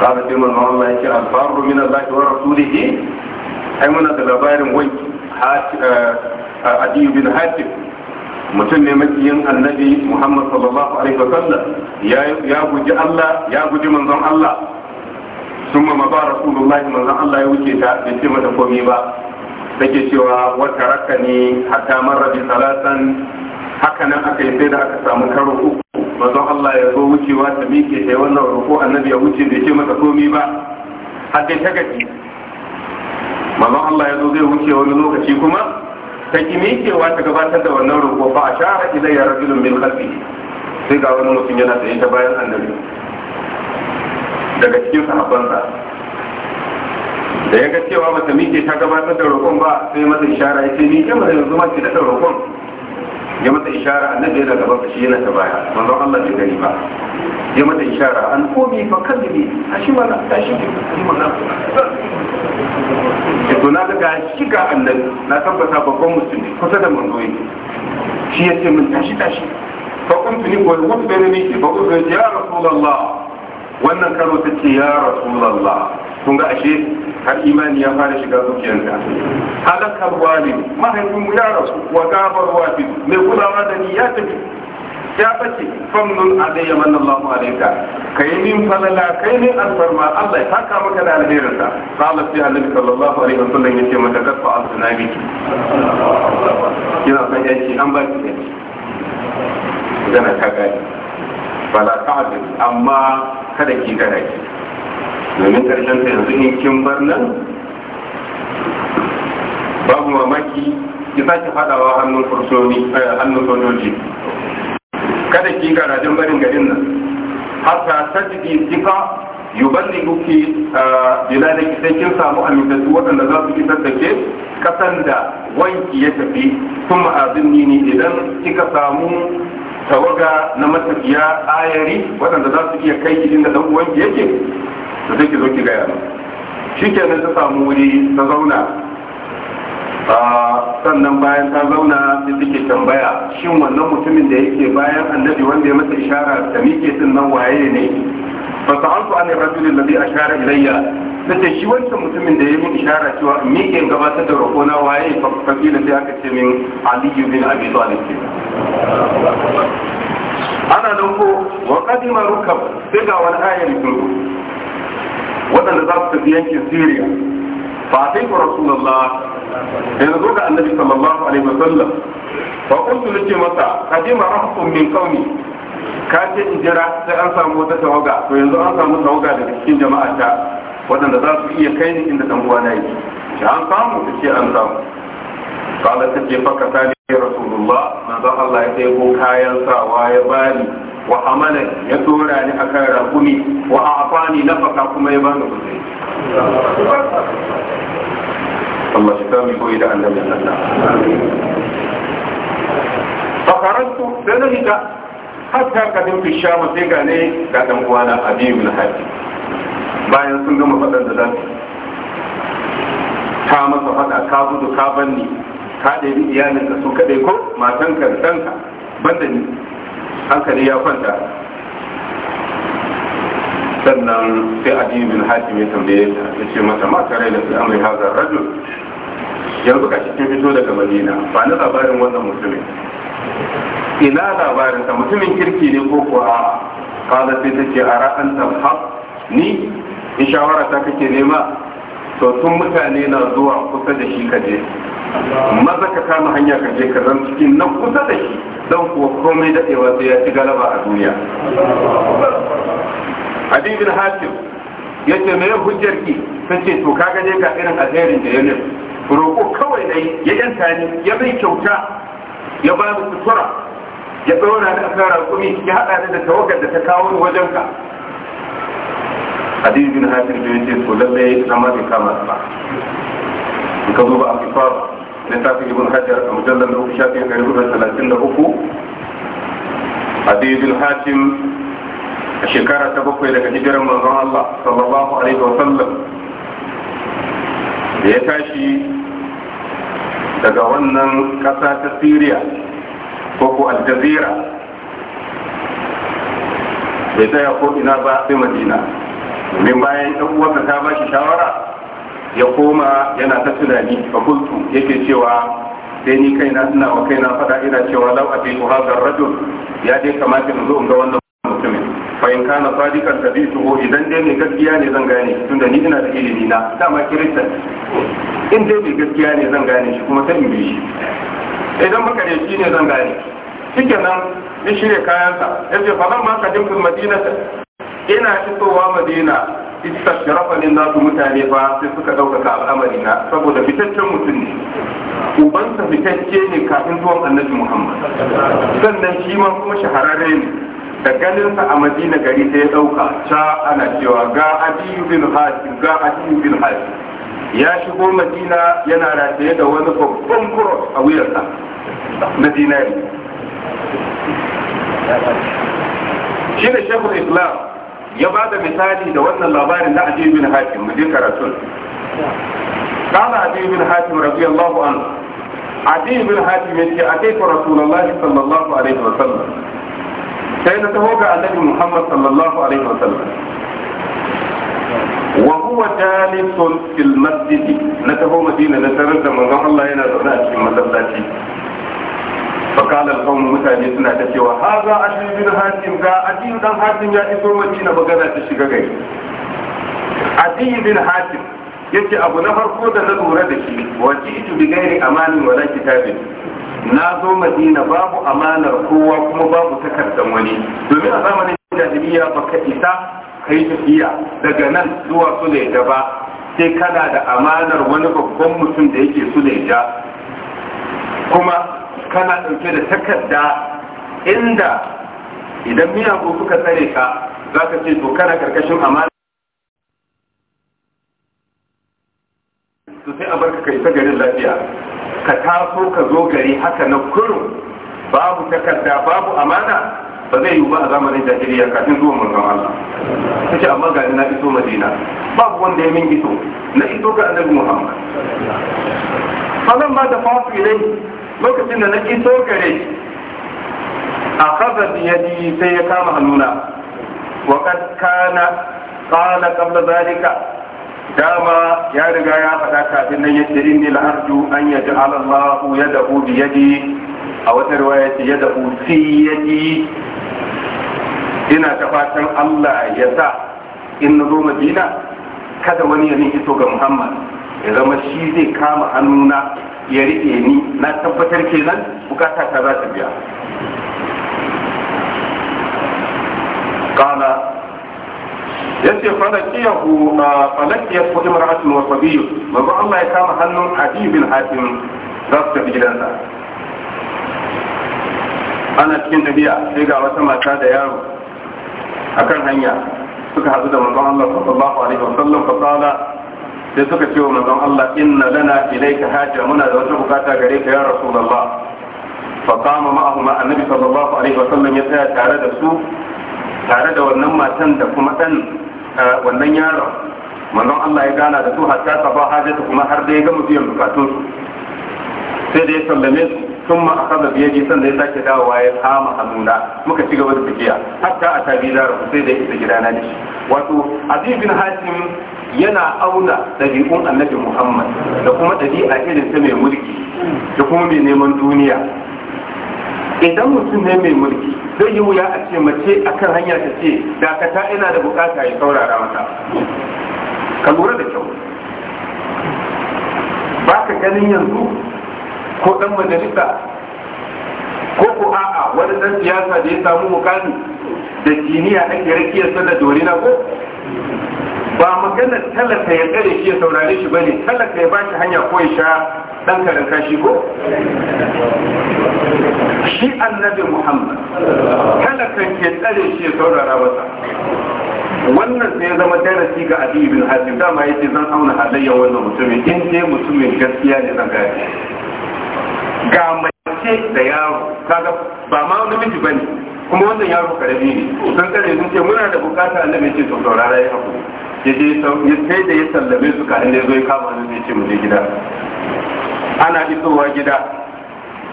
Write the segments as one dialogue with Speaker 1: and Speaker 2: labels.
Speaker 1: قال في من الله يكي البار من الله ورسوله أي من هذا البار وي عدي بن حاتم mutum ne makiyin annabi muhammad sallallahu alaihi wasallam ya guji allah ya guji manzon allah sun ma ba rasulullahi manzon allah ya wuce ta bai ce komi ba take cewa wata raka ne hatta marrabi salatan hakanan aka yi sai da aka samu karo uku manzon Allah ya zo wucewa ta miƙe sai wannan ruku annabi ya wuce bai ce masa komi ba har dai ta gaji manzon Allah ya zo zai wuce wani lokaci kuma ta ki miƙewa ta gabatar da wannan ruku fa ashara ya rajulun min khalfihi sai ga wani mutum yana tsaye ta bayan annabi daga cikin sahabbansa da ya ga cewa mata miƙe ta gabatar da roƙon ba sai masa ishara ya ce ni ke mata yanzu ma ki da roƙon mata ishara annabi yana gaba shi yana ta baya manzon Allah bai gani ba ya mata ishara an komi fa kalbi a shi mana ta shi ki mana to na ga shi ga annabi na tabbata babban musulmi kusa da manzo yake shi ya ce min tashi tashi fa kuntu ni wal ni fa qultu ya rasulullah wannan karo tace ya rasulullah kun ga ashe har imani ya fara shiga zuciyarka halakar wani mahaifin mu ya rasu wa gabar wafi mai kulawa da ni ya tafi ya bace famnun alayya man Allah alayka kai min falala kai min alfarma Allah ya saka maka da alherin sa qala fi annabi sallallahu alaihi wasallam yace mata kafa al-sunabi kina san yake an ba ki yake magana ta gani bala ta'adil amma kada ki gana. ki domin karshen ta yanzu in kin bar nan babu mamaki ki sake fadawa hannun fursoni eh, hannun sojoji kada ki garajin barin garin nan hatta ki sifa a fi ki sai kin samu amintattu waɗanda za su kisar da ke kasan da wanki ya tafi sun ma'azin ne idan kika samu tawaga na matafiya ayari waɗanda za su iya kai gidin da ɗan uwanki yake to sai ki zo ki gaya mu shikenan ta samu wuri ta zauna a ah, sannan bayan ta zauna sai take tambaya shin wannan mutumin da yake bayan annabi wanda ya masa ishara da mike din nan waye ne fa sa'altu an rajulin ladhi ashara ilayya nace shi wancan mutumin da ya min ishara cewa mike gabatar da na waye fa kafila sai aka ce min ali bin abi talib ana nan ko wa qadima rukab sai ga wani ayatul waɗanda za su tafi yankin Syria fa sai ku rasulullah da zo ga annabi sallallahu alaihi wasallam fa kuntu nace masa kadima rahkum min qaumi ka ce in jira sai an samu wata tawaga to yanzu an samu tawaga daga cikin jama'a ta waɗanda za su iya kai ni inda dan na yi an samu ta ce an samu qala ta ce fa ka tali rasulullah manzo Allah ya ɗebo kayan sawa ya bani wa amana ya dora ni akan rakumi wa afani nafaka kuma ya bani kuzari Amma shi kami koyi da annabi sallallahu alaihi wasallam fa qarantu dan na hita hatta kadin fi sham sai ga ne ga dan uwana Abi ibn Hadi bayan sun gama fadan da zan ta masa fada ka gudu ka banni ka ɗebi iyalinka su kaɗai ko matan da danka banda ni hankali ya kwanta sannan sai adi bin hatim ya tambaye ta ya ce mata ma tare da sai amri hazar rajul yanzu ka cikin fito daga madina ba na labarin wannan mutumin ina labarin ta mutumin kirki ne ko kuwa kada sai ta ce a ra'an tamhab ni in shawara ta kake nema to tun mutane na zuwa kusa da shi kaje maza ka kama hanya ka je ka zan cikin nan kusa da shi don kuwa komai daɗewa sai ya ci galaba a duniya adi bin hatim ya ce mai hujjar ki ta ce to ka gaje ka irin alherin da ya ne roƙo kawai dai ya yanta ni ya bai kyauta ya ba mu sutura ya tsora da akan raƙumi ya haɗa da tawagar da ta kawo ni wajen ka adi bin hatim ya ce to lallai zama bai kama ba ka zo ba a fi littafin ibn hajar a mujallar da uku shafi ɗari hudu talatin da uku a daidul hatim a shekara ta bakwai daga hijiran manzon allah sallallahu alaihi wa sallam da ya tashi daga wannan ƙasa ta syria ko ko aljazira bai tsaya ko ina ba sai madina domin bayan ɗan uwarsa ta ba shi shawara ya koma yana ta tunani fa kultu yake cewa sai ni kaina ina wa kaina fada ina cewa lau a biyu hazar rajul ya dai kamata mu zo in ga wannan mutumin fa in kana bisu ko idan dai mai gaskiya ne zan gane tun da ni ina da ilimi na dama kiristan in dai mai gaskiya ne zan gane shi kuma sai in bi shi idan shi ne zan gane shike nan ya shirya kayansa ya ce nan ma ka jimfin madinata ina isowa madina istashrafa lin nasu mutane fa sai suka ɗaukaka al'amari na saboda fitaccen mutum ne ubansa fitacce ne kafin zuwan annabi muhammad sannan shi ma kuma shahararre ne da ganinsa a madina gari sai ya ɗauka ca ana cewa ga adiyu bin hasim ga adiyu bin hasim ya shigo madina yana rataye da wani babban kuros a wuyarsa na dinari shi da shekul islam ya ba da misali da wannan labarin na ajiyu bin hakim mu je karatun kala ajiyu bin hakim radiyallahu anhu ajiyu bin hakim yace ataitu rasulullahi sallallahu alaihi wa sallam sai na taho ga annabi muhammad sallallahu alaihi wa sallam wa huwa jalisun fil na taho madina na tarar da manzon Allah yana zaune a cikin masallaci فقال القوم متاني سنة تشوى هذا عشر بن هاتم قا عدي بن هاتم يا إسو مدينة بغدا تشيغغي عدي بن هاتم yace abu na farko da na lura da shi wace itu bi gairi amanin wala kitabin na zo madina babu amanar kowa kuma babu takardar wani domin a zamanin jahiliya baka isa kai tafiya daga nan zuwa suleja ba sai kana da amanar wani babban mutum da yake suleja kuma kana ɗauke da takarda inda idan ko suka tsare ka za ka ce to kana karkashin amana su sai a barka kai ta garin lafiya ka taso ka zo gari haka na kurum babu takarda babu amana ba zai yiwu ba a zamanin jahiliya kafin zuwa mulkan Allah ce amma gani na iso Madina babu wanda ya min iso na iso ga Annabi Muhammad fa ma da fasu ilai lokacin da na iso gare a kaza biyadi sai ya kama hannuna wa kad kana qala zalika dama ya riga ya faɗa kafin nan yadda inni la'arju an yaj'ala Allahu yadahu bi yadi a wata riwaya ce yadahu fi yadi ina ta fatan Allah ya sa in na zo Madina kada wani ya iso ga Muhammad ya zama shi zai kama hannuna ya riƙe ni na tabbatar kenan bukata ta za ta biya ya قال yace falakiyahu falakiyat imra'atun wasu biyu, mazu Allah ya kama hannun Adi bin za su tafi gidansa ana cikin tafiya sai ga wata mata da yaro A kan hanya suka hadu da mazu Allah sallallahu alaihi wasallam fa qala sai suka ce wa manzon Allah inna lana ilayka haja muna da wata bukata gare ka ya rasulullah fa qama annabi sallallahu alaihi wasallam ya tsaya tare da su tare da wannan matan da kuma dan eh, wannan yaron manzon Allah ya gana da su hatta ta ba kuma har dai ya gama biyan bukatun su sai da ya sallame su sun ma aka da biyaji san da ya sake dawowa ya kama hannuna muka ci gaba da tafiya hatta a tabi da sai da ya isa da shi wato yana auna ɗabi'un annabi muhammad da kuma ɗabi'a irin ta mai mulki da kuma mai neman duniya idan mutum ne mai mulki zai yi wuya a ce mace akan hanya ta ce dakata yana da bukata ya saurara mata ka lura da kyau ba ka ganin yanzu ko dan majalisa ko ko a'a wani ɗan siyasa da ya samu mukami da jiniya ake rakiyarsa da dorina ko ba magana talaka ya tsare shi ya saurare shi bane talaka ya bashi hanya ko ya sha dan karin kashi ko shi annabi muhammad talakan ke tsare shi ya saurara masa wannan sai ya zama darasi ga abi ibn hasim dama yace zan auna halayya wannan mutumin in dai mutumin gaskiya ne zan gane ga mace da yaro kaga ba ma namiji bane kuma wannan yaro karami ne sun kare sun ce muna da bukata annabi ce to saurara ya hakuri ya sai da ya sallame su kaɗan da ya zo ya kama ni zai ce mu je gida ana isowa gida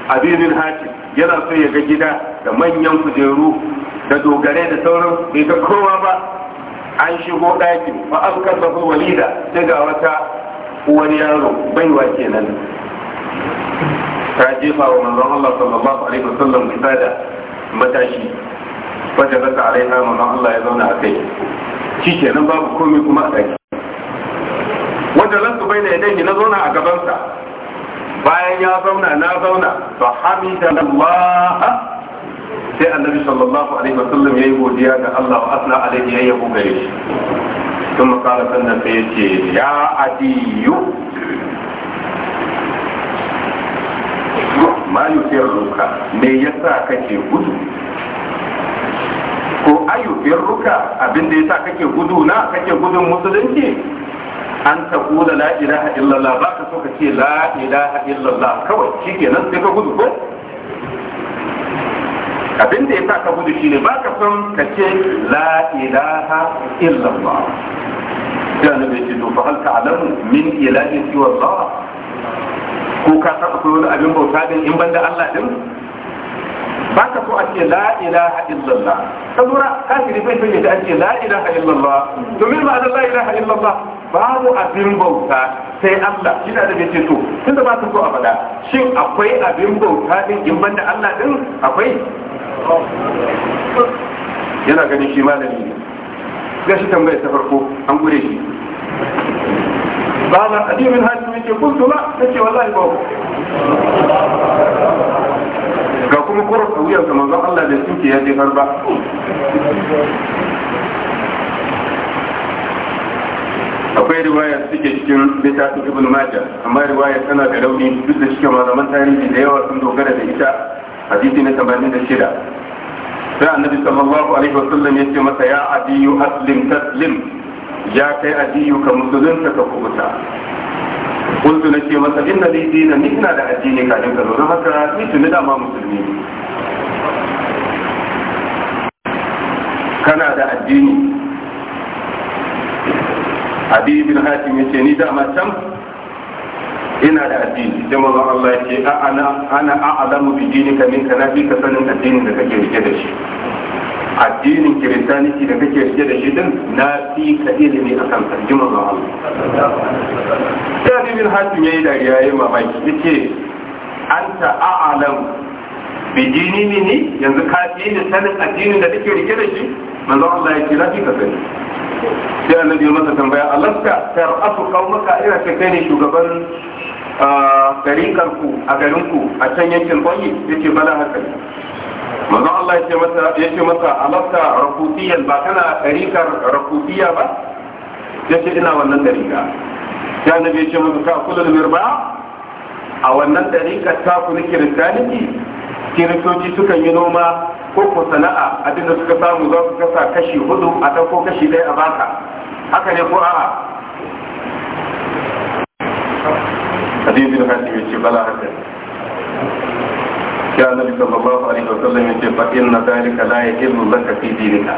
Speaker 1: abinin hati yana so ya ga gida da manyan kujeru da dogare da sauran bai ga kowa ba an shigo ɗakin ba an ko walida sai ga wata wani yaro baiwa kenan ta jefa wa manzon Allah sallallahu alaihi wasallam kisa da matashi wajen rasa alaiha manzon Allah ya zauna a kai shi nan babu komai kuma a ɗaki wanda lantu bai na yadda na zauna a gabansa bayan ya zauna na zauna ba hamida Allah sai annabi sallallahu alaihi wasallam yayi godiya ga Allah wa asna alaihi ya yabo gare shi sun makara sannan sai ce ya adiyu ma yusir ruka me yasa kake gudu ko ayu birruka abinda ya sa kake gudu na kake gudun musulunci an ta kula la ilaha illallah ba ka so ka ce la ilaha illallah kawai shikenan sai ka gudu ko Abinda ya sa ka gudu shine ba ka son ka ce la ilaha illallah sai annabi ce to fa hal ta'lamu min ilahi siwa Allah ko ka san akwai abin bauta din in banda Allah din ba ka so a ce la ilaha illallah ka lura kafiri bai sanya da ake la ilaha illallah domin ba da la ilaha illallah mu abin bauta sai Allah shi da bai ce to tun da ba ka so a faɗa shin akwai abin bauta din in banda Allah din akwai yana ganin shi malami ne shi tambayar ta farko an gure shi ba na adimin hajji mai ke kuntu ba ta ce wallahi ba wuyarsa manzon Allah da suke ya jefar ba akwai riwaya suke cikin littafin ibn majah amma riwaya tana da rauni duk da cikin malaman tarihi da yawa sun dogara da ita hadisi na 86 sai annabi sallallahu alaihi wasallam ya ce masa ya adiyu aslim taslim ya kai adiyu ka musulunta ka kubuta kuntu na ce masa inna li dina ni ina da addini kafin ka zo don haka ni tuni dama musulmi kana da addini abi bin hatim yace ni dama can. ina da addini sai manzo Allah yace a ana ana a'lamu bi dinika minka na bi ka sanin addini da kake rike da shi addinin kiristaniki da kake rike da shi din na fi ka ilimi a kan sarji manzo Allah sai bin hatim yayi dariya yayi mamaki yace anta a'lamu bijini ne ne yanzu ka ce da sanin addinin da take rike da shi manzo Allah ya ce na ka sani sai annabi masa tambaya alaska rafu kaumaka ina ce kai ne shugaban tariƙar a garinku a can yankin kwayi yace bala haka manzo Allah ya ce masa ya ce masa alaska rakutiyan ba kana tarikar rakutiya ba yace ina wannan tarika sai annabi ya ce masa ka kullu mirba a wannan tarika ta ku nake da kiristoci sukan yi noma ko ko sana'a abinda suka samu za su kasa kashi hudu a ta ko kashi ɗaya a baka haka ne ko a'a hadisin hasim ya ce bala haka ya annabi sallallahu alaihi wa sallam ya ce fa inna dalika la yahillu laka fi dinika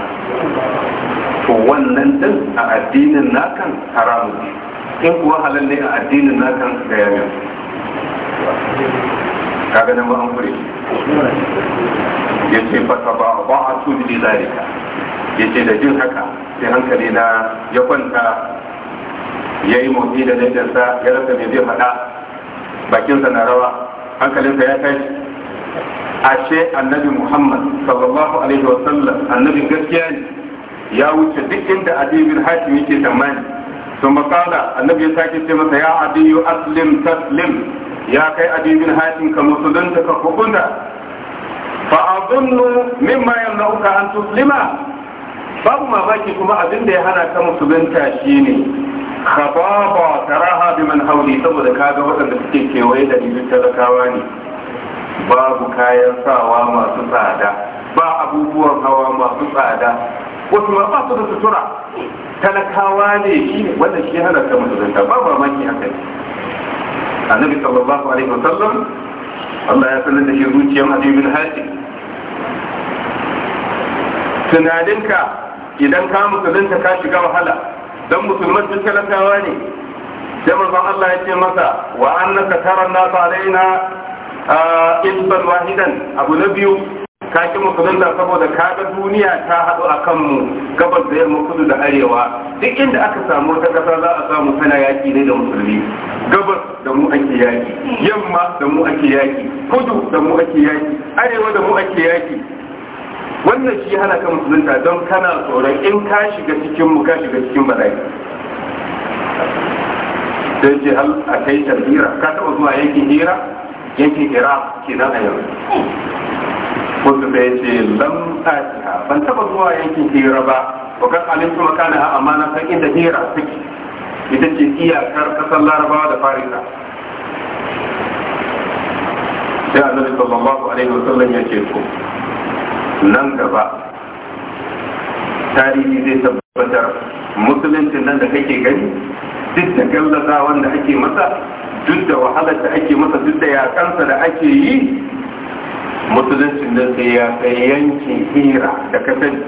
Speaker 1: to wannan din a addinin nakan haramu in kuwa halal a addinin nakan ga yamin kaga nan ba an kure shi ya ce ta ba ba a su bi zalika ya ce da jin haka sai hankali na ya kwanta ya yi motsi da dandansa ya rasa mai zai faɗa bakinsa na rawa hankalinsa ya a ashe annabi muhammad sallallahu alaihi wasallam annabi gaskiya ne ya wuce duk inda adibin hakim yake tsammani sun makala annabi ya sake ce masa ya adiyu aslim taslim ya kai abibin hatim ka musulunta ka hukunta fa azunnu mimma yamna'uka an tuslima babu ma baki kuma abin da ya hana ka musulunta shine khababa taraha biman hauli saboda kaga waɗanda suke kewaye da ni talakawa ne babu kayan sawa masu tsada ba abubuwan hawa masu tsada wasu ma ba su da sutura talakawa ne shi wanda shi hana ka musulunta ba mamaki haka ne annabi sallallahu alaihi wa sallam Allah ya sanar da shi zuciyar Abi bin Haji. tunaninka idan ka musulunta ka shiga wahala don musulman duk ne sai manzon Allah ya ce masa wa annaka taran na alaina ilban wahidan abu na biyu ka ki musulunta saboda ka ga duniya ta haɗu a kanmu gabas da yamma kudu da arewa duk inda aka samu wata ƙasa za a samu tana yaƙi ne da musulmi gabas da mu ake yaki yamma da mu ake yaki kudu da mu ake yaki arewa da mu ake yaki wannan shi hana ka musulunta don kana tsoron in ka shiga cikin mu ka shiga cikin bala'i don ce hal a kai tarbira ka taɓa zuwa yankin hira yankin hira ke nan a yau wasu da ya ce lam ban taɓa zuwa yankin hira ba wa kan alimtu makana a amana, san inda hira suke ita ce iyakar kasar larabawa da farisa sai annabi sallallahu alaihi sallam ya ce ko nan gaba tarihi zai tabbatar musulunci nan da kake gani duk da gallaza wanda ake masa duk da wahalar da ake masa duk da yakansa da ake yi musulunci nan sai ya kai yankin hira da kasani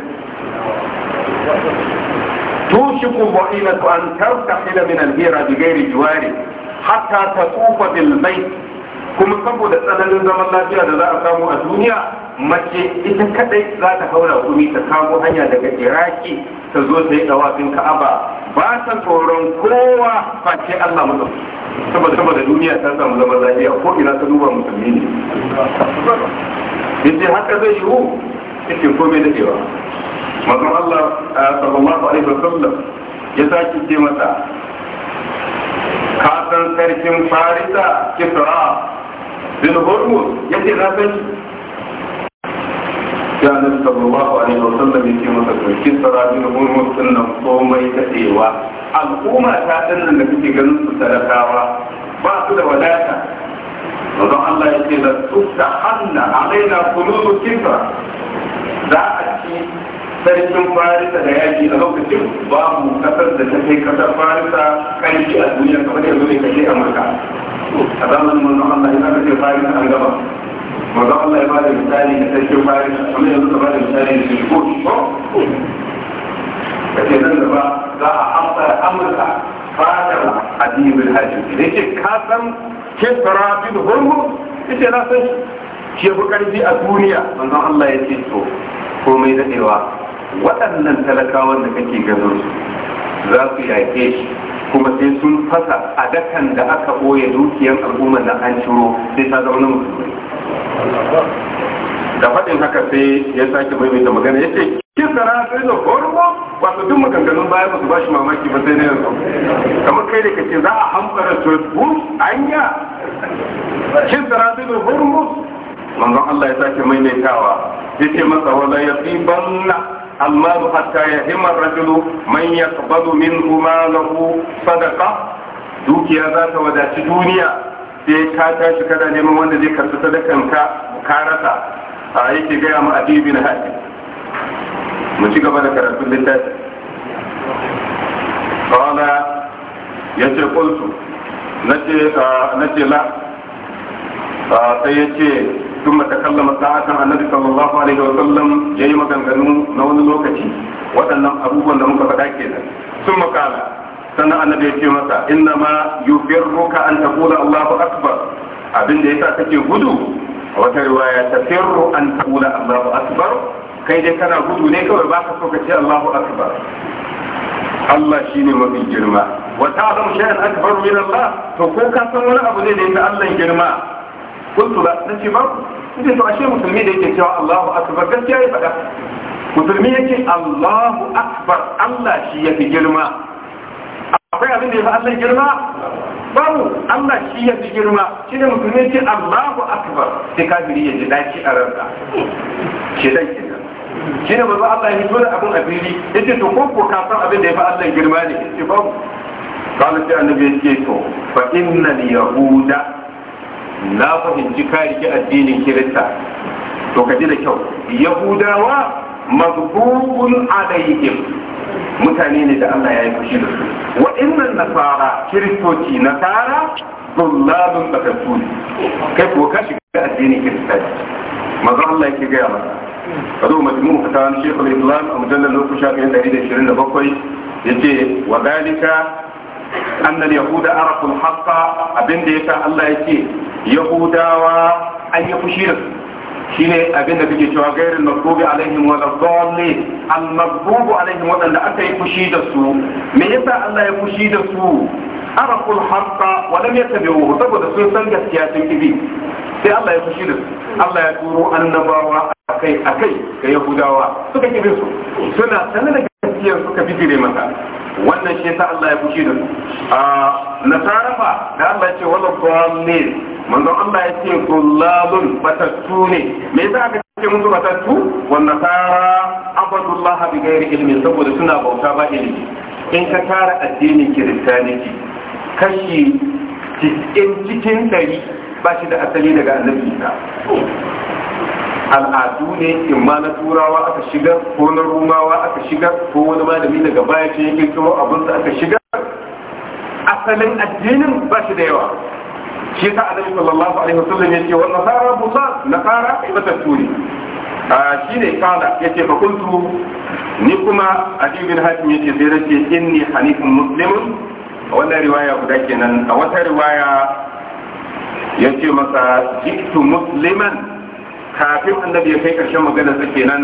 Speaker 1: توشك الضئيلة أن ترتحل من الهيرة بغير جوار حتى تطوف بالبيت kuma saboda tsananin zaman lafiya da za a samu a duniya mace ita kadai za ta haura kumi ta kamo hanya daga iraki ta zo ta yi dawafin ka'aba ba ta tsoron kowa face allah mutum saboda duniya ta samu zaman lafiya ko ina ta duba musulmi ne yace haka zai yiwu cikin komai dadewa mazan Allah sallallahu alaihi wasallam ya sake ce mata ka san sarkin farisa kisra bin hormuz ya ce na san shi ya nan sallallahu alaihi wasallam ya ce masa to kisra bin hormuz din nan komai dadewa al'umma ta dinnan da kuke ganin su talakawa ba su da wadata manzon Allah ya ce da da hanna alaina kululu kisra za a ci sarkin farisa da yaji a lokacin babu kasar da ta kai kasar farisa kanci a duniya kamar yanzu ne kashe amurka a zamanin manzo allah ya kasance farisa an gaba manzo allah ya bada misali da sarkin farisa kamar yanzu ka bada misali da shirko ka ce nan gaba za a amsar amurka fadar adibul hajji da ce ka san kisra bin hormuz ita na san shi ke fi karfi a duniya manzo allah ya ce to komai daɗewa waɗannan talakawan da kake gano su za su yaƙe shi kuma sai sun fasa a dakan da aka ɓoye dukiyar al'ummar da an ciro sai ta zaune musulmi da faɗin haka sai ya sake maimaita magana ya ce kisara sai da hormo wato duk maganganun baya ba su ba shi mamaki ba sai na yanzu kamar kai da kace za a hamfara turbu anya kisara sai da hormo manzon Allah ya sake maimaitawa ya ce masa wala ya tsibanna المال حتى يهم الرجل من يقبل منه ماله صدقة دوكيا ذات ودات دنيا sai ka tashi kana neman wanda zai karfi sadakan ka ka rasa a yake gaya ma adibi na haɗi mu ci gaba da karatun littafi kawala ya ce kulsu na ce la sai ya ce ثم تكلم ساعة النبي صلى الله عليه وسلم يي مغنغنو نون لوكتي waɗannan abubuwan da muka faɗa ke sun makala sannan annabi ya ce masa inna ma yufirruka an taqula Allahu akbar abin da yasa kake gudu a wata riwaya tafirru an taqula Allahu akbar kai dai kana gudu ne kawai baka so ka Allahu Allah mafi girma wa zama shay'an akbar min Allah to ko ka san wani abu ne da yake Allah girma kuntu na ce ba ce to ashe musulmi da yake cewa Allahu akbar gaskiya ya faɗa musulmi yake Allahu akbar Allah shi ya fi girma akwai abin da ya fi Allah girma babu Allah shi ya fi girma shi da musulmi yake Allahu ya a ranka shi dan ne manzo Allah ya fito abin a fili yace to ko ko ka san abin da ya fi Allah girma ne yace babu قالت النبي كيتو فإن اليهود na fahimci ka rike addinin kirista to ka ji da kyau yahudawa mazbubun alaihim mutane ne da Allah ya yi fushi da su waɗannan nasara kiristoci nasara dullalun batattu ne kai ko ka shiga addinin kirista maza Allah yake gaya masa kazo majmu ka ta shekul islam a mujallar lokacin shafin 127 yace wa dalika annal yahuda arafu al-haqqa abinda sa Allah yake yahudawa an yi fushi da su shine abinda kake cewa gairin magdubi alaihim wa dhalli al magdubu alaihim wadanda aka yi fushi da su me yasa Allah ya fushi da su araful haqqa wa lam yattabi'uhu saboda sun san gaskiya sun kibi sai Allah ya fushi da su Allah ya turo annabawa akai akai ga yahudawa suka kibi su suna sanar da gaskiya suka bijire masa wannan shi ta Allah ya fushi da su a nasara fa da Allah ya ce wala dallin manzo Allah ya ce dallun batattu ne me yasa aka ce musu batattu wa nasara abadullah bi ghairi ilmi saboda suna bauta ba ilimi in ka tara addinin kiristaniki kashi cikin cikin dari ba shi da asali daga annabi Isa al'adu ne in ma na turawa aka shiga, ko na rumawa aka shiga, ko wani da daga baya ce yake kiro abin da aka shiga. asalin addinin ba shi da yawa shi ta annabi sallallahu alaihi wasallam yake wa nasara busa nasara matattu ne a ne kala yake fa kuntu ni kuma adi bin hatim yake sai race inni hanifun muslimun a wannan riwaya guda kenan a wata riwaya yake masa jiktu musliman kafin annabi ya kai karshen magana sa kenan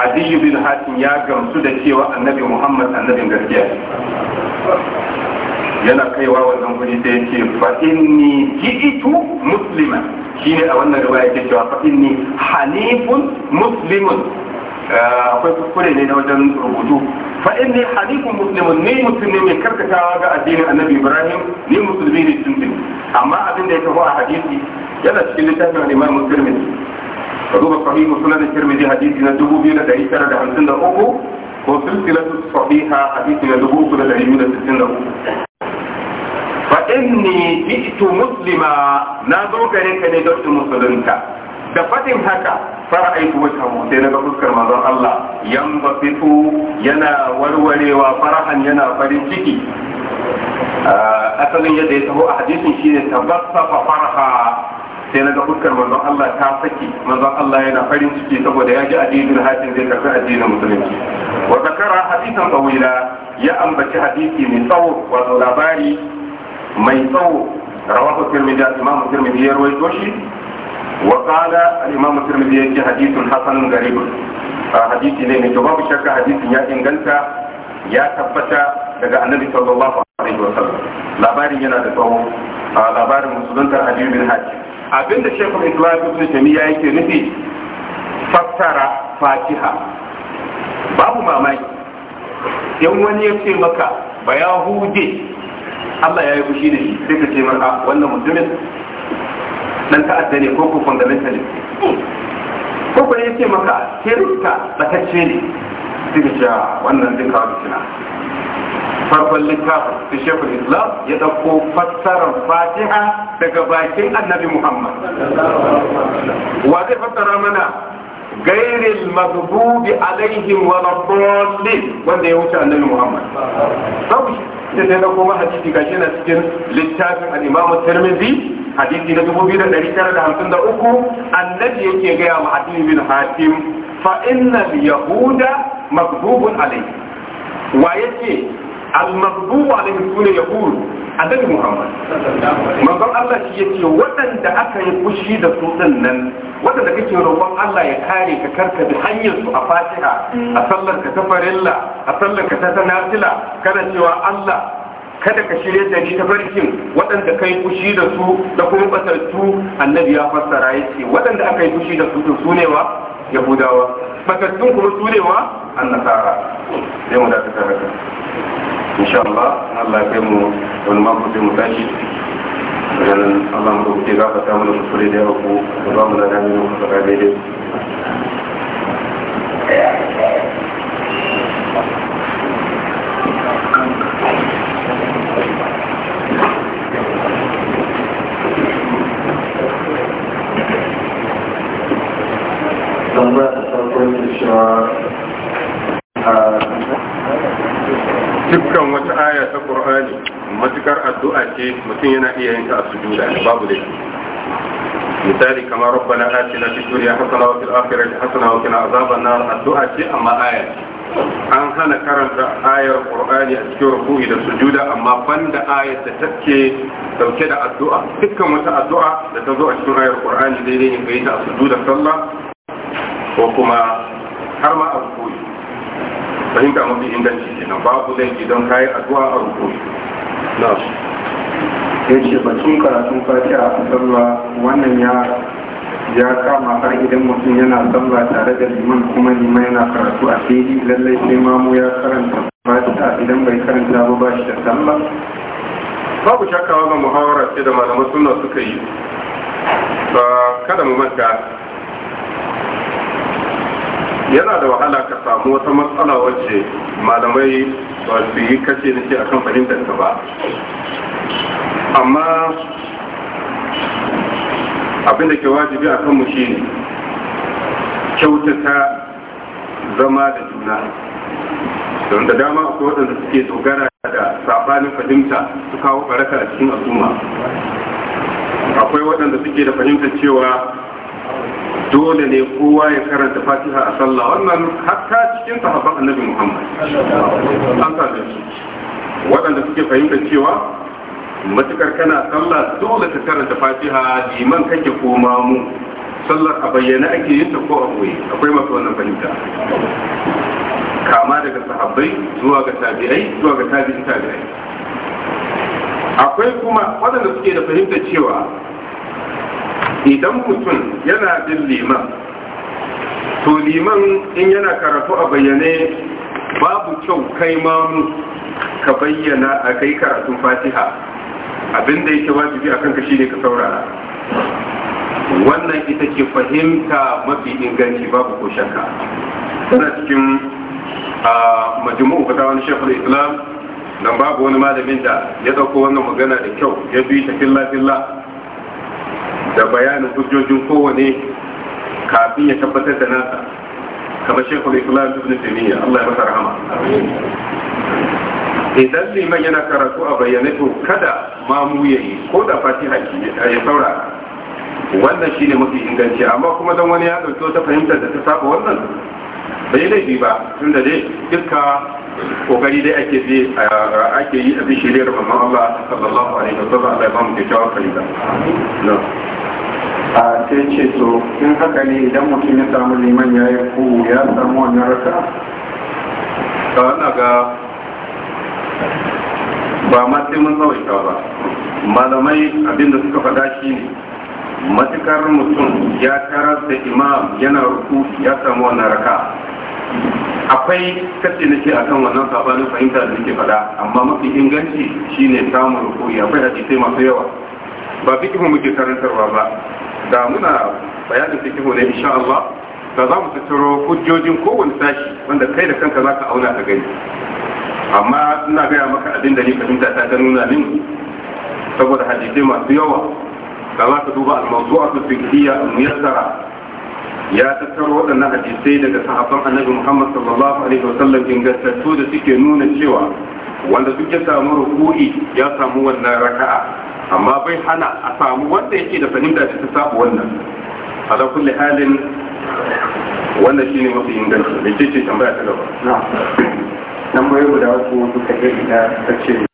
Speaker 1: adiyu bin hatim ya gamsu da cewa annabi muhammad annabin gaskiya yana kaiwa wannan guri ya ce fa inni jiitu musliman shine a wannan riwaya yake cewa fa inni hanifun muslimun eh, akwai kuskure ne na wajen rubutu fa inni hanifun muslimun ni musulmi ne karkatawa ga addinin annabi ibrahim ni musulmi ne tuntun amma abin da ya tafi a hadisi yana cikin littafin al-imam muslimin ka duba sahihu sunan tirmidhi hadisi na 2953 ko silsilatu sahiha hadisi na 2963 فإني جئت مسلما نازوك لك نجوت مسلمك دفتم هكا فرأيت وجهه سينا بفكر مظهر الله ينبسط ينا ورولي وفرحا ينا فرنشكي أصلا يديته أحديث شيء تبسط فرحا sai na ga fuskar manzon Allah ta saki manzon Allah yana farin ciki saboda ya ji addinin hakim zai karɓi addinin musulunci wa zakara hadisan tawila ya ambaci hadisi mai tsawo wato labari mai tsawo rawahu tirmidhi imamu tirmidhi ya rawaito shi wa qala al-imam tirmidhi ya hadithun hasanun gharib hadisi ne mai babu shakka hadisin ya inganta ya tabbata daga annabi sallallahu alaihi wasallam labarin yana da tsawo labarin musulunta hadith bin hajji. abinda shekul islam ibn tamiya yake nufi fassara fatiha babu mamaki yan wani ya ce maka ba ya hude Allah ya yi kushi da shi sai ka ce maka ah, wannan mutumin ta adda ne ko ko fundamentalist ko ko ya ce maka kirista ce ne sai ka ce ah, wannan zai kawo farkon littafin da shekul islam ya ɗauko fassarar fatiha daga bakin annabi muhammad wa zai fassara mana gairin maghdubi alaihim wa rabbulin wanda ya wuce annabi muhammad babu shi sai da kuma hadisi gashi na cikin littafin al tirmidhi hadisi na uku, annabi yake gaya ma hadisi bin hatim fa yahuda maghdubun alaihim wa yake al-maghdubu alaihim sune yaqul annabi muhammad manzon Allah yace waɗanda aka yi fushi da su din waɗanda kake roƙon Allah ya kare ka karka bi hanyar su a Fatiha a sallar ka ta farilla a sallar ka Allah kada ka shirya da ni ta farkin waɗanda kai fushi da su da kuma batattu annabi ya fassara yace waɗanda aka yi fushi da su to sune wa yahudawa batattun kuma sune wa annasara sai mu da ta insha Allah Allah kai mu wani mako sai mu tashi ganin Allah mu dauke gafata mana kuskure da yawa ko ba mu da dami mu kusa daidai falala ne matukar addu'a ce mutum yana iya yin ta a sujuda babu da misali kamar rabbana atina fid dunya hasana wa fil akhirati hasana wa qina azaban nar addu'a ce amma aya an hana karanta ayar qur'ani a cikin ruku'i da sujuda amma banda ayar da take dauke da addu'a dukkan wata addu'a da ta zo a cikin ayar qur'ani dai ne kai ta sujuda sallah ko kuma har ma a ruku'i fahimta mafi inganci kenan babu laifi don kayi addu'a a ruku'i ya ce karatun fatiha a wannan ya kama har idan mutum yana sallah tare da liman kuma liman yana karatu a fili lallai sai mamu ya karanta fatiha idan bai karanta ba ba shi da sallah babu shakawa wannan muhawara sai da malamai suna suka yi ba kada mu manta yana da wahala ka samu wata matsala wacce malamai ba su yi kace nake akan fahimtar ta ba amma abinda ke wajibi akan mu shi kyautata zama da juna don da dama akwai waɗanda suke dogara da sabanin fahimta su kawo ɓaraka a cikin al'umma akwai waɗanda suke da fahimtar cewa dole ne kowa ya karanta fatiha a sallah wannan hatta cikin sahabban annabi muhammad an same su waɗanda suke fahimta cewa matukar kana sallah dole ka karanta fatiha liman kake koma mu sallar a bayyana ake yin ta ko a koyi akwai masu wannan fahimta kama daga sahabbai zuwa ga tabi'ai zuwa ga tabi'in tabi'ai akwai kuma waɗanda suke da fahimta cewa idan mutum yana bin liman to liman in yana karatu a bayyane babu kyau kai mamu ka bayyana a kai karatun fatiha abinda yake wajibi akan ka shine ka saurara wannan ita ke fahimta mafi inganci babu ko shakka tana cikin a majmu'u fata wani shekul islam nan babu wani malamin da ya dauko wannan magana da kyau ya bi ta filla filla da bayanin hujjojin kowane kafin ya tabbatar da nasa kamar shekul islam ibn taymiya Allah ya masa rahama idan liman yana karatu a bayyane to kada mamu yayi ko da fatiha ya saura wannan shine mafi inganci amma kuma dan wani ya dauki wata fahimtar da ta saba wannan bai laifi ba tunda dai dukka kokari dai ake yi ake yi a bishiriyar manzon Allah sallallahu alaihi wasallam Allah ya ba mu kyakkyawar fahimta a sai ce to in haka ne idan mutum ya samu liman ya yi kuhu ya samu wannan raka ta wani ga ba ma sai mun tsawaita ba malamai abinda suka faɗa shi ne matukar mutum ya tara da imam yana ruku ya samu wannan raka akwai kace na ke akan wannan sabanin fahimta da nake faɗa amma mafi inganci shine samun rukuri akwai hadisai masu yawa ba fikihu muke karantarwa ba da muna bayanin fikihu ne insha Allah da za mu tattaro hujjojin kowane sashi wanda kai da kanka za ka auna ka gani amma ina gaya maka abin da ni fahimta ta ta nuna min saboda hadisai masu yawa da za ka duba al-mawdu'atu fiqhiyya al-muyassara ya tattaro waɗannan hadisai daga sahabban annabi Muhammad sallallahu alaihi wasallam ingantattu da suke nuna cewa wanda suke samu ruku'i ya samu wannan raka'a amma bai hana a samu wanda yake da fahimta ta sabu wannan a da kulle halin wannan shine mafi inganta da ce tambaya ta gaba tambayoyi guda wasu suka ke ita ta ce